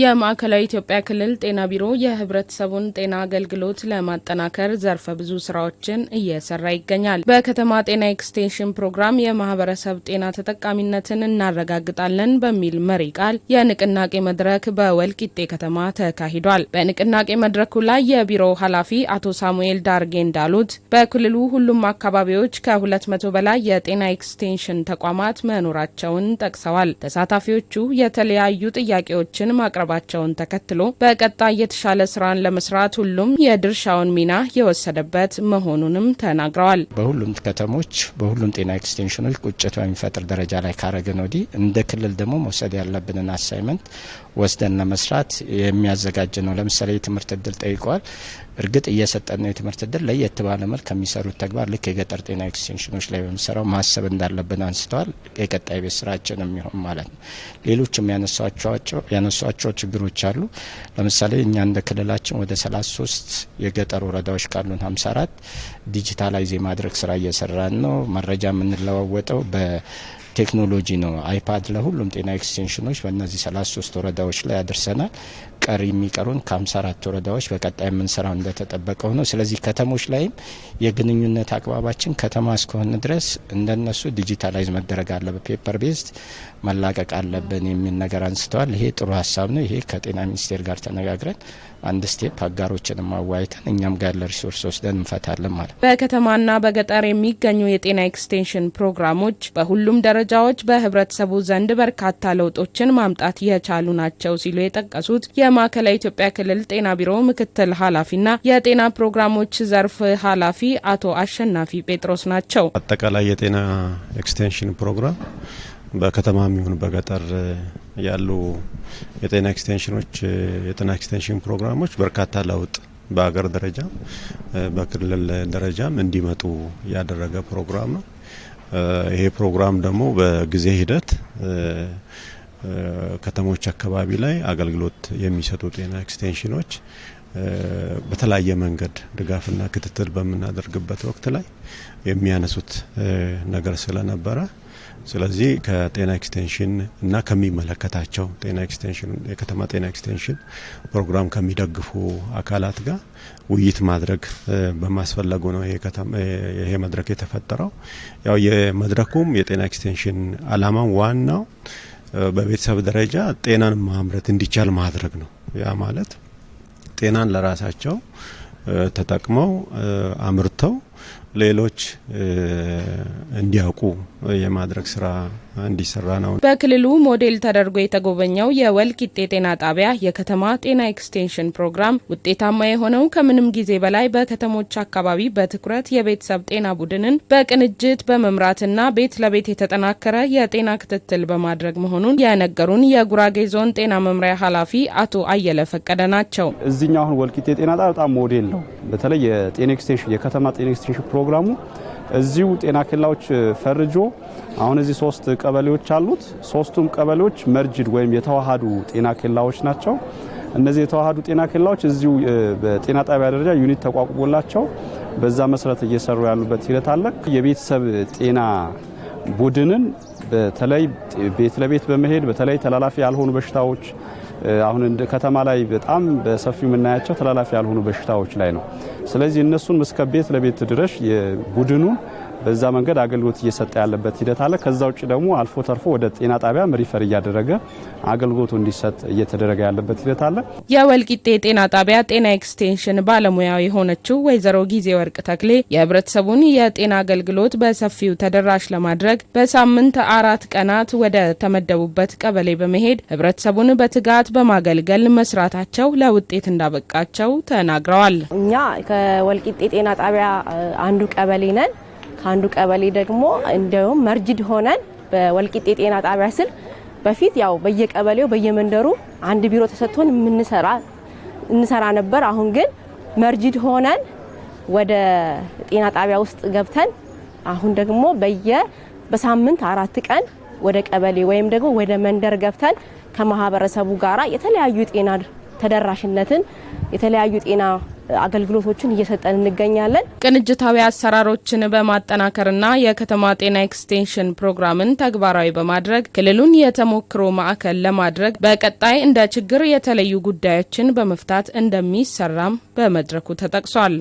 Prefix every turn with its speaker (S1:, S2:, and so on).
S1: የማዕከላዊ ኢትዮጵያ ክልል ጤና ቢሮ የህብረተሰቡን ጤና አገልግሎት ለማጠናከር ዘርፈ ብዙ ስራዎችን እየሰራ ይገኛል። በከተማ ጤና ኤክስቴንሽን ፕሮግራም የማህበረሰብ ጤና ተጠቃሚነትን እናረጋግጣለን በሚል መሪ ቃል የንቅናቄ መድረክ በወልቂጤ ከተማ ተካሂዷል። በንቅናቄ መድረኩ ላይ የቢሮው ኃላፊ አቶ ሳሙኤል ዳርጌ እንዳሉት በክልሉ ሁሉም አካባቢዎች ከ200 በላይ የጤና ኤክስቴንሽን ተቋማት መኖራቸውን ጠቅሰዋል። ተሳታፊዎቹ የተለያዩ ጥያቄዎችን ማቅረብ መቅረባቸውን ተከትሎ በቀጣይ የተሻለ ስራን ለመስራት ሁሉም የድርሻውን ሚና የወሰደበት መሆኑንም ተናግረዋል።
S2: በሁሉም ከተሞች በሁሉም ጤና ኤክስቴንሽኖች ቁጭት በሚፈጥር ደረጃ ላይ ካረግን ወዲህ እንደ ክልል ደግሞ መውሰድ ያለብንን አሳይመንት ወስደን ለመስራት የሚያዘጋጅ ነው። ለምሳሌ የትምህርት እድል ጠይቀዋል። እርግጥ እየሰጠን ነው። የትምህርት እድል ለየት ባለ መልክ ከሚሰሩት ተግባር ልክ የገጠር ጤና ኤክስቴንሽኖች ላይ በምሰራው ማሰብ እንዳለብን አንስተዋል። የቀጣይ ቤት ስራችን የሚሆን ማለት ነው። ሌሎችም ያነሷቸው ችግሮች አሉ። ለምሳሌ እኛ እንደ ክልላችን ወደ 33 የገጠር ወረዳዎች ካሉን 54 ዲጂታላይዝ የማድረግ ስራ እየሰራን ነው። መረጃ የምንለዋወጠው በ ቴክኖሎጂ ነው። አይፓድ ለሁሉም ጤና ኤክስቴንሽኖች በእነዚህ 33 ወረዳዎች ላይ አድርሰናል። ቀሪ የሚቀሩን ከሀምሳ አራት ወረዳዎች በቀጣይ የምንሰራው እንደተጠበቀ ሆኖ፣ ስለዚህ ከተሞች ላይም የግንኙነት አግባባችን ከተማ እስከሆነ ድረስ እንደነሱ ዲጂታላይዝ መደረግ አለበት፣ ፔፐር ቤዝድ መላቀቅ አለብን የሚል ነገር አንስተዋል። ይሄ ጥሩ ሀሳብ ነው። ይሄ ከጤና ሚኒስቴር ጋር ተነጋግረን አንድ ስቴፕ አጋሮችን ማዋይተን እኛም ጋር ሪሶርስ ወስደን እንፈታለን ማለት
S1: በከተማና በገጠር የሚገኙ የጤና ኤክስቴንሽን ፕሮግራሞች በሁሉም ደረጃዎች በህብረተሰቡ ዘንድ በርካታ ለውጦችን ማምጣት የቻሉ ናቸው ሲሉ የጠቀሱት የማዕከላዊ ኢትዮጵያ ክልል ጤና ቢሮ ምክትል ኃላፊና የጤና ፕሮግራሞች ዘርፍ ኃላፊ አቶ አሸናፊ ጴጥሮስ ናቸው።
S3: አጠቃላይ የጤና ኤክስቴንሽን ፕሮግራም በከተማ የሚሆን በገጠር ያሉ የጤና ኤክስቴንሽኖች የጤና ኤክስቴንሽን ፕሮግራሞች በርካታ ለውጥ በሀገር ደረጃ በክልል ደረጃም እንዲመጡ ያደረገ ፕሮግራም ነው። ይሄ ፕሮግራም ደግሞ በጊዜ ሂደት ከተሞች አካባቢ ላይ አገልግሎት የሚሰጡ ጤና ኤክስቴንሽኖች በተለያየ መንገድ ድጋፍና ክትትል በምናደርግበት ወቅት ላይ የሚያነሱት ነገር ስለነበረ ስለዚህ ከጤና ኤክስቴንሽን እና ከሚመለከታቸው ጤና ኤክስቴንሽን የከተማ ጤና ኤክስቴንሽን ፕሮግራም ከሚደግፉ አካላት ጋር ውይይት ማድረግ በማስፈለጉ ነው ይሄ መድረክ የተፈጠረው። ያው የመድረኩም የጤና ኤክስቴንሽን አላማም ዋናው በቤተሰብ ደረጃ ጤናን ማምረት እንዲቻል ማድረግ ነው። ያ ማለት ጤናን ለራሳቸው ተጠቅመው አምርተው ሌሎች እንዲያውቁ የማድረግ ስራ እንዲሰራ ነው።
S1: በክልሉ ሞዴል ተደርጎ የተጎበኘው የወልቂጤ ጤና ጣቢያ የከተማ ጤና ኤክስቴንሽን ፕሮግራም ውጤታማ የሆነው ከምንም ጊዜ በላይ በከተሞች አካባቢ በትኩረት የቤተሰብ ጤና ቡድንን በቅንጅት በመምራትና ቤት ለቤት የተጠናከረ የጤና ክትትል በማድረግ መሆኑን የነገሩን የጉራጌ ዞን ጤና መምሪያ ኃላፊ አቶ አየለ ፈቀደ ናቸው።
S4: እዚህኛው አሁን ወልቂጤ ጤና ጣቢያ በጣም ሞዴል ነው። በተለይ የጤና ኤክስቴንሽን የከተማ ጤና ፓርትነርሺፕ ፕሮግራሙ እዚሁ ጤና ኬላዎች ፈርጆ አሁን እዚህ ሶስት ቀበሌዎች አሉት። ሶስቱም ቀበሌዎች መርጅድ ወይም የተዋሃዱ ጤና ኬላዎች ናቸው። እነዚህ የተዋሃዱ ጤና ኬላዎች እዚሁ በጤና ጣቢያ ደረጃ ዩኒት ተቋቁሞላቸው በዛ መሰረት እየሰሩ ያሉበት ሂደት አለ። የቤተሰብ ጤና ቡድንን በተለይ ቤት ለቤት በመሄድ በተለይ ተላላፊ ያልሆኑ በሽታዎች አሁን ከተማ ላይ በጣም በሰፊው የምናያቸው ተላላፊ ያልሆኑ በሽታዎች ላይ ነው ስለዚህ እነሱን እስከ ቤት ለቤት ድረስ የቡድኑን በዛ መንገድ አገልግሎት እየሰጠ ያለበት ሂደት አለ። ከዛ ውጭ ደግሞ አልፎ ተርፎ ወደ ጤና ጣቢያም ሪፈር እያደረገ አገልግሎቱ እንዲሰጥ እየተደረገ ያለበት ሂደት አለ።
S1: የወልቂጤ ጤና ጣቢያ ጤና ኤክስቴንሽን ባለሙያ የሆነችው ወይዘሮ ጊዜ ወርቅ ተክሌ የህብረተሰቡን የጤና አገልግሎት በሰፊው ተደራሽ ለማድረግ በሳምንት አራት ቀናት ወደ ተመደቡበት ቀበሌ በመሄድ ህብረተሰቡን በትጋት በማገልገል መስራታቸው ለውጤት እንዳበቃቸው ተናግረዋል።
S5: እኛ ከወልቂጤ ጤና ጣቢያ አንዱ ቀበሌ ነን። ከአንዱ ቀበሌ ደግሞ እንዲሁም መርጅድ ሆነን በወልቂጤ ጤና ጣቢያ ስል በፊት ያው በየቀበሌው በየመንደሩ አንድ ቢሮ ተሰጥቶን የምንሰራ እንሰራ ነበር። አሁን ግን መርጅድ ሆነን ወደ ጤና ጣቢያ ውስጥ ገብተን አሁን ደግሞ በየ በሳምንት አራት ቀን ወደ ቀበሌ ወይም ደግሞ ወደ መንደር ገብተን ከማህበረሰቡ ጋራ የተለያዩ ጤና ተደራሽነትን የተለያዩ ጤና አገልግሎቶችን እየሰጠን እንገኛለን።
S1: ቅንጅታዊ አሰራሮችን በማጠናከርና የከተማ ጤና ኤክስቴንሽን ፕሮግራምን ተግባራዊ በማድረግ ክልሉን የተሞክሮ ማዕከል ለማድረግ በቀጣይ እንደ ችግር የተለዩ ጉዳዮችን በመፍታት እንደሚሰራም በመድረኩ ተጠቅሷል።